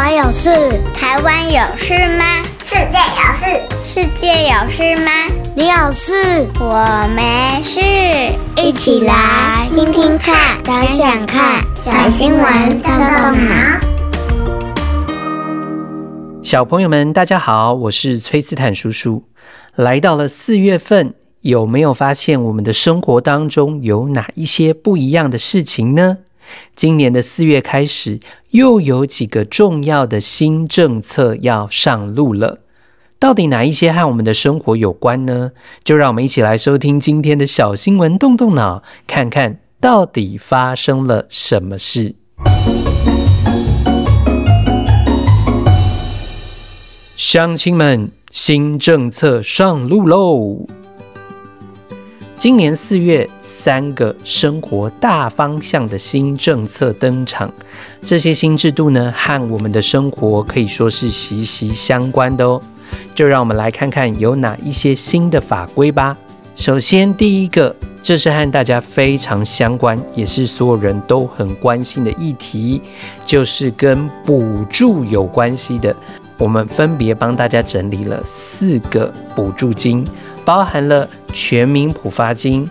我有事，台灣有事嗎？世界有事，世界有事嗎？你有事，我沒事。一起來聽聽看，想想看，小新聞動動腦。小朋友們，大家好，我是崔斯坦叔叔。來到了四月份，有沒有發現我們的生活當中有哪一些不一樣的事情呢？今年的四月開始，又有幾個重要的新政策要上路了。到底哪一些和我們的生活有關呢？就讓我們一起來收聽今天的小新聞，動動腦，看看到底發生了什麼事。鄉親們，新政策上路嘍！今年四月，三個生活大方向的新政策登場，這些新制度呢，和我們的生活可以說是息息相關的哦，就讓我們來看看有哪一些新的法規吧。首先，第一個，這是和大家非常相關，也是所有人都很關心的議題，就是跟補助有關係的。我們分別幫大家整理了四個補助金，包含了全民普發金、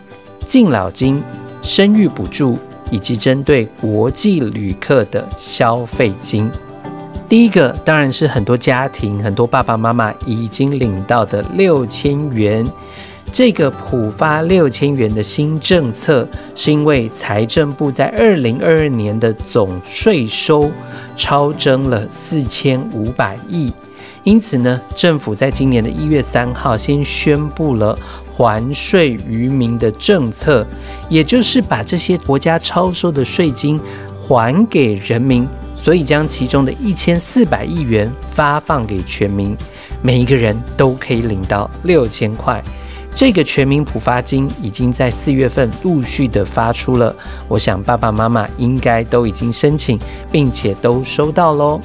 敬老金、生育補助，以及針對國際旅客的消費金。第一個當然是很多家庭、很多爸爸媽媽已經領到的六千元。這個普發六千元的新政策，是因為財政部在二零二二年的總稅收超徵了四千五百億。因此呢，政府在今年的一月三號先宣布了還稅於民的政策，也就是把這些國家超收的稅金還給人民，所以將其中的一千四百億元發放給全民，每一個人都可以領到六千塊。這個全民普發金已經在四月份陸續的發出了，我想爸爸媽媽應該都已經申請，並且都收到嘍、哦。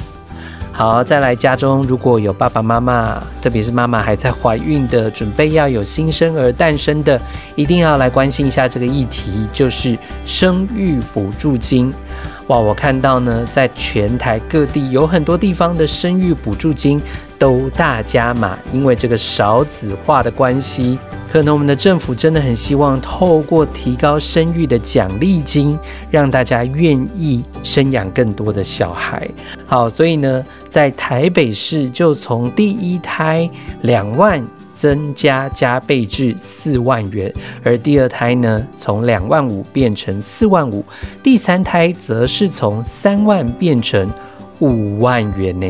好，再來家中，如果有爸爸媽媽，特別是媽媽還在懷孕的，準備要有新生兒誕生的，一定要來關心一下這個議題，就是生育補助金。哇，我看到呢，在全台各地有很多地方的生育補助金，都大加碼，因為這個少子化的關係，可能我們的政府真的很希望透過提高生育的獎勵金，讓大家願意生養更多的小孩。好，所以呢，在台北市就從第一胎兩萬增加加倍至四萬元，而第二胎呢，從兩萬五變成四萬五，第三胎則是從三萬變成五萬元呢。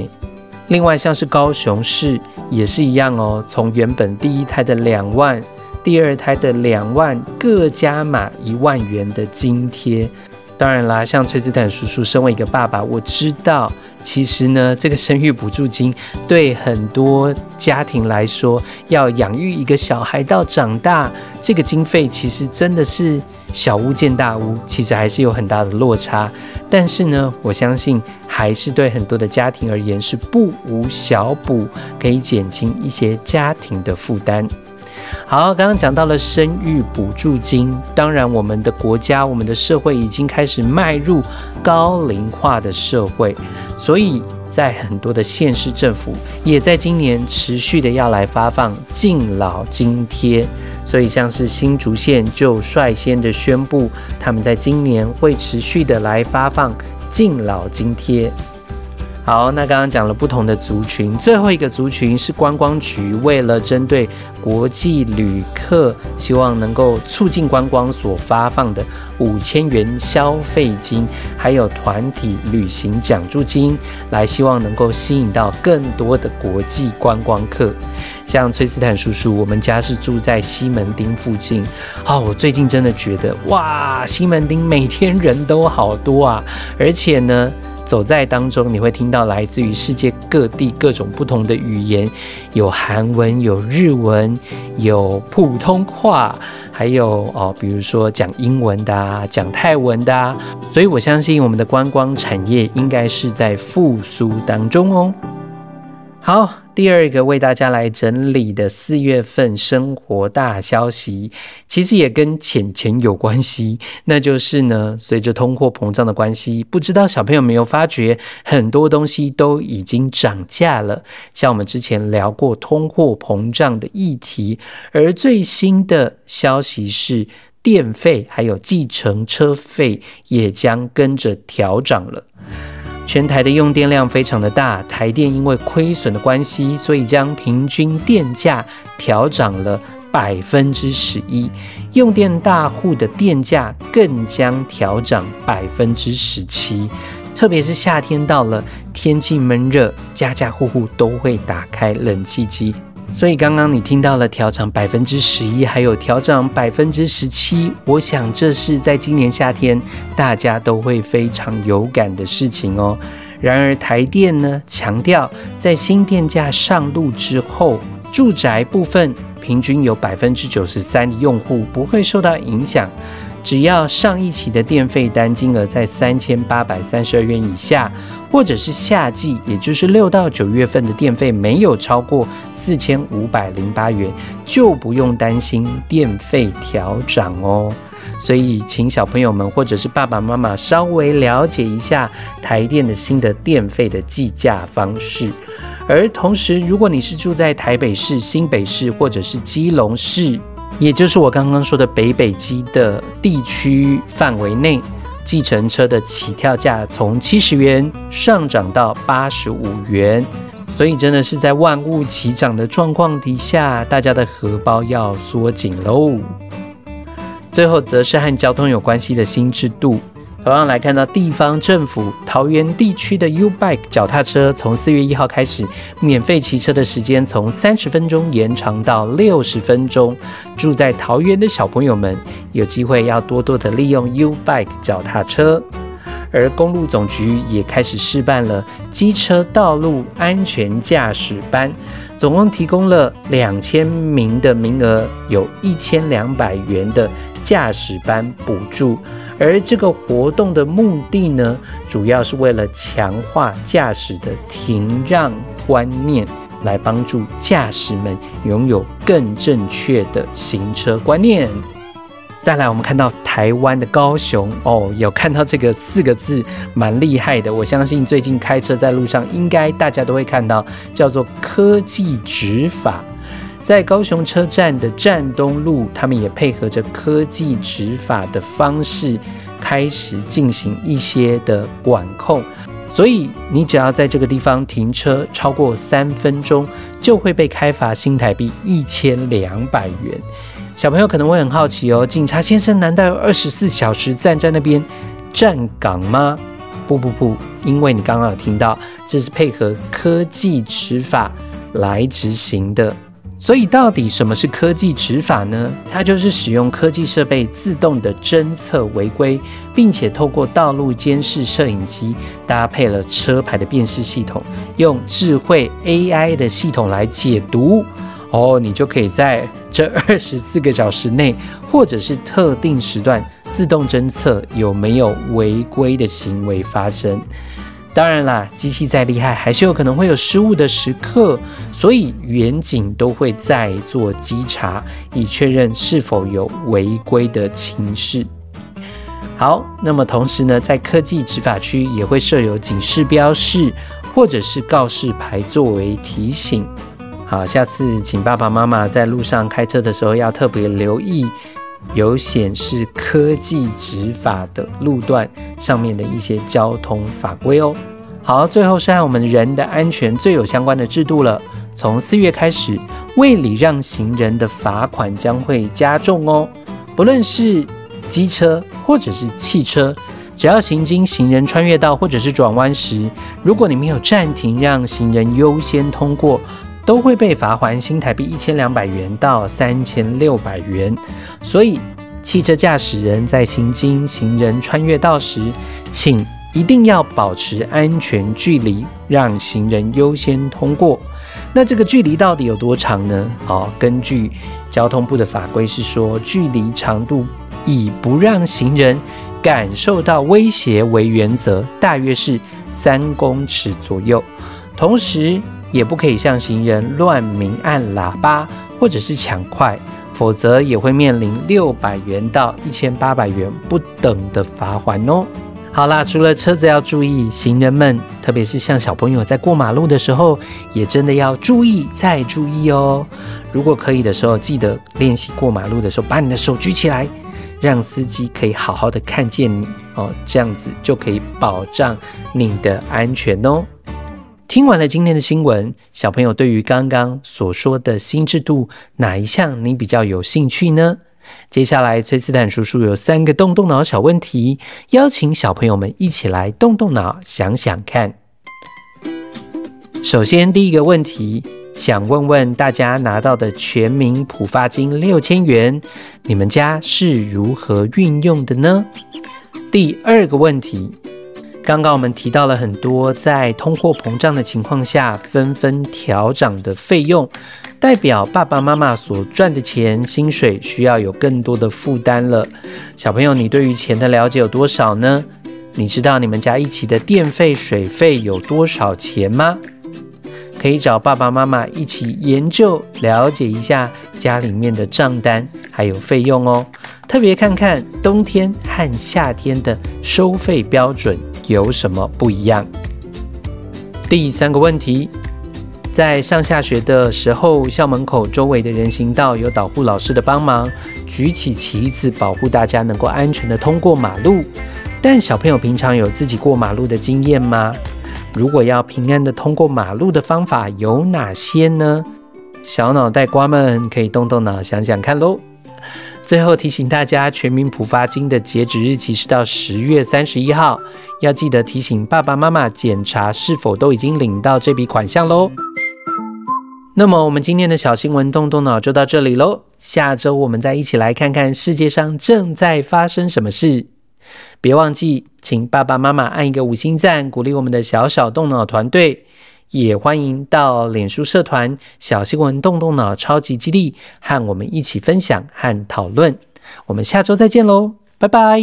另外像是高雄市，也是一樣哦，從原本第一胎的兩萬、第二胎的兩萬，各加碼一萬元的津貼。當然啦，像崔斯坦叔叔身為一個爸爸，我知道，其實呢，這個生育補助金對很多家庭來說，要養育一個小孩到長大，這個經費其實真的是小巫見大巫，其實還是有很大的落差。但是呢，我相信還是對很多的家庭而言是不無小補，可以減輕一些家庭的負擔。好，剛剛講到了生育補助金。當然，我們的國家、我們的社會已經開始邁入高齡化的社會，所以在很多的縣市政府也在今年持續的要來發放敬老津貼。所以，像是新竹縣就率先的宣布，他們在今年會持續的來發放敬老津貼。好，那剛剛講了不同的族群，最後一個族群是觀光局為了針對國際旅客，希望能夠促進觀光所發放的五千元消費金，還有團體旅行獎助金，來希望能夠吸引到更多的國際觀光客。像崔斯坦叔叔，我們家是住在西門町附近啊，哦，我最近真的覺得哇，西門町每天人都好多啊，而且呢。走在當中，你會聽到來自於世界各地各種不同的語言，有韓文，有日文，有普通話，還有哦，比如說講英文的啊，講泰文的啊。所以我相信我們的觀光產業應該是在復甦當中哦。好，第二個為大家來整理的四月份生活大消息，其實也跟錢錢有關係。那就是呢，隨着通貨膨脹的關係，不知道小朋友有沒有發覺，很多東西都已經漲價了。像我們之前聊過通貨膨脹的議題，而最新的消息是，電費還有計程車費也將跟着調漲了。全台的用電量非常的大，台電因為虧損的關係，所以將平均電價調漲了百分之十一，用電大戶的電價更將調漲百分之十七，特別是夏天到了，天氣悶熱，家家戶戶都會打開冷氣機。所以剛剛你聽到了調漲百分之十一，還有調漲百分之十七，我想這是在今年夏天大家都會非常有感的事情哦。然而台電呢強調，在新電價上路之後，住宅部分平均有百分之九十三的用戶不會受到影響。只要上一期的電費單金額在三千八百三十二元以下，或者是夏季，也就是六到九月份的電費沒有超過四千五百零八元，就不用擔心電費調漲哦。所以，請小朋友們或者是爸爸媽媽稍微了解一下台電的新的電費的計價方式。而同時，如果你是住在台北市、新北市或者是基隆市，也就是我剛剛說的北北基的地區範圍內，計程車的起跳價從七十元上漲到八十五元，所以真的是在萬物齊漲的狀況底下，大家的荷包要縮緊嘍。最後則是和交通有關係的新制度。同樣來看到地方政府，桃園地區的 U Bike 腳踏車從四月一號開始，免費騎車的時間從三十分鐘延長到六十分鐘。住在桃園的小朋友們有機會要多多的利用 U Bike 腳踏車。而公路總局也開始試辦了機車道路安全駕駛班，總共提供了兩千名的名額，有一千兩百元的駕駛班補助。而這個活動的目的呢，主要是為了強化駕駛的停讓觀念，來幫助駕駛們擁有更正確的行車觀念。再來，我們看到台灣的高雄哦，有看到這個四個字，蠻厲害的。我相信最近開車在路上，應該大家都會看到，叫做科技執法。在高雄車站的站東路，他們也配合着科技執法的方式，開始進行一些的管控。所以，你只要在這個地方停車超過三分鐘，就會被開罰新台幣一千兩百元。小朋友可能會很好奇哦，警察先生難道有二十四小時站在那邊站崗嗎？不不不，因為你剛剛有聽到，這是配合科技執法來執行的。所以，到底什麼是科技執法呢？它就是使用科技設備自動的偵測違規，並且透過道路監視攝影機搭配了車牌的辨識系統，用智慧 AI 的系統來解讀。哦，你就可以在這二十四個小時內，或者是特定時段，自動偵測有沒有違規的行為發生。當然啦，機器再厲害，還是有可能會有失誤的時刻，所以員警都會再做稽查，以確認是否有違規的情事。好，那麼同時呢，在科技執法區也會設有警示標示或者是告示牌作為提醒。好，下次請爸爸媽媽在路上開車的時候要特別留意。有顯示科技執法的路段上面的一些交通法規哦。好，最後是按我們人的安全最有相關的制度了。從四月開始，未禮讓行人的罰款將會加重哦。不論是機車或者是汽車，只要行經行人穿越道或者是轉彎時，如果你沒有暫停讓行人優先通過，都會被罰鍰新台幣一千兩百元到三千六百元，所以汽車駕駛人在行經行人穿越道時，請一定要保持安全距離，讓行人優先通過。那這個距離到底有多長呢？哦，根據交通部的法規是說，距離長度以不讓行人感受到威脅為原則，大約是三公尺左右。同時，也不可以向行人亂鳴按喇叭，或者是搶快，否則也會面臨六百元到一千八百元不等的罰款哦。好啦，除了車子要注意，行人們，特別是像小朋友在過馬路的時候，也真的要注意再注意哦。如果可以的時候，記得練習過馬路的時候，把你的手舉起來，讓司機可以好好的看見你哦，這樣子就可以保障你的安全哦。聽完了今天的新聞，小朋友對於剛剛所說的新制度哪一項你比較有興趣呢？接下來，崔斯坦叔叔有三個動動腦小問題，邀請小朋友們一起來動動腦，想想看。首先，第一個問題，想問問大家拿到的全民普發金六千元，你們家是如何運用的呢？第二個問題，剛剛我們提到了很多在通貨膨脹的情況下紛紛調漲的費用，代表爸爸媽媽所賺的錢、薪水需要有更多的負擔了。小朋友，你對於錢的了解有多少呢？你知道你們家一起的電費、水費有多少錢嗎？可以找爸爸媽媽一起研究了解一下家裡面的賬單還有費用哦，特別看看冬天和夏天的收費標準。有什麼不一樣？第三個問題，在上下學的時候，校門口周圍的人行道有導護老師的幫忙，舉起旗子保護大家能夠安全地通過馬路。但小朋友平常有自己過馬路的經驗嗎？如果要平安地通過馬路的方法有哪些呢？小腦袋瓜們可以動動腦想想看嘍。最後提醒大家，全民普發金的截止日期是到十月三十一號，要記得提醒爸爸媽媽檢查是否都已經領到這筆款項嘍。 那麼我們今天的小新聞動動腦就到這裡嘍，下周我們再一起來看看世界上正在發生什麼事。別忘記，請爸爸媽媽按一個五星贊，鼓勵我們的小小動腦團隊。也歡迎到臉書社團“小新聞動動腦超級基地”和我們一起分享和討論。我們下周再見嘍，拜拜。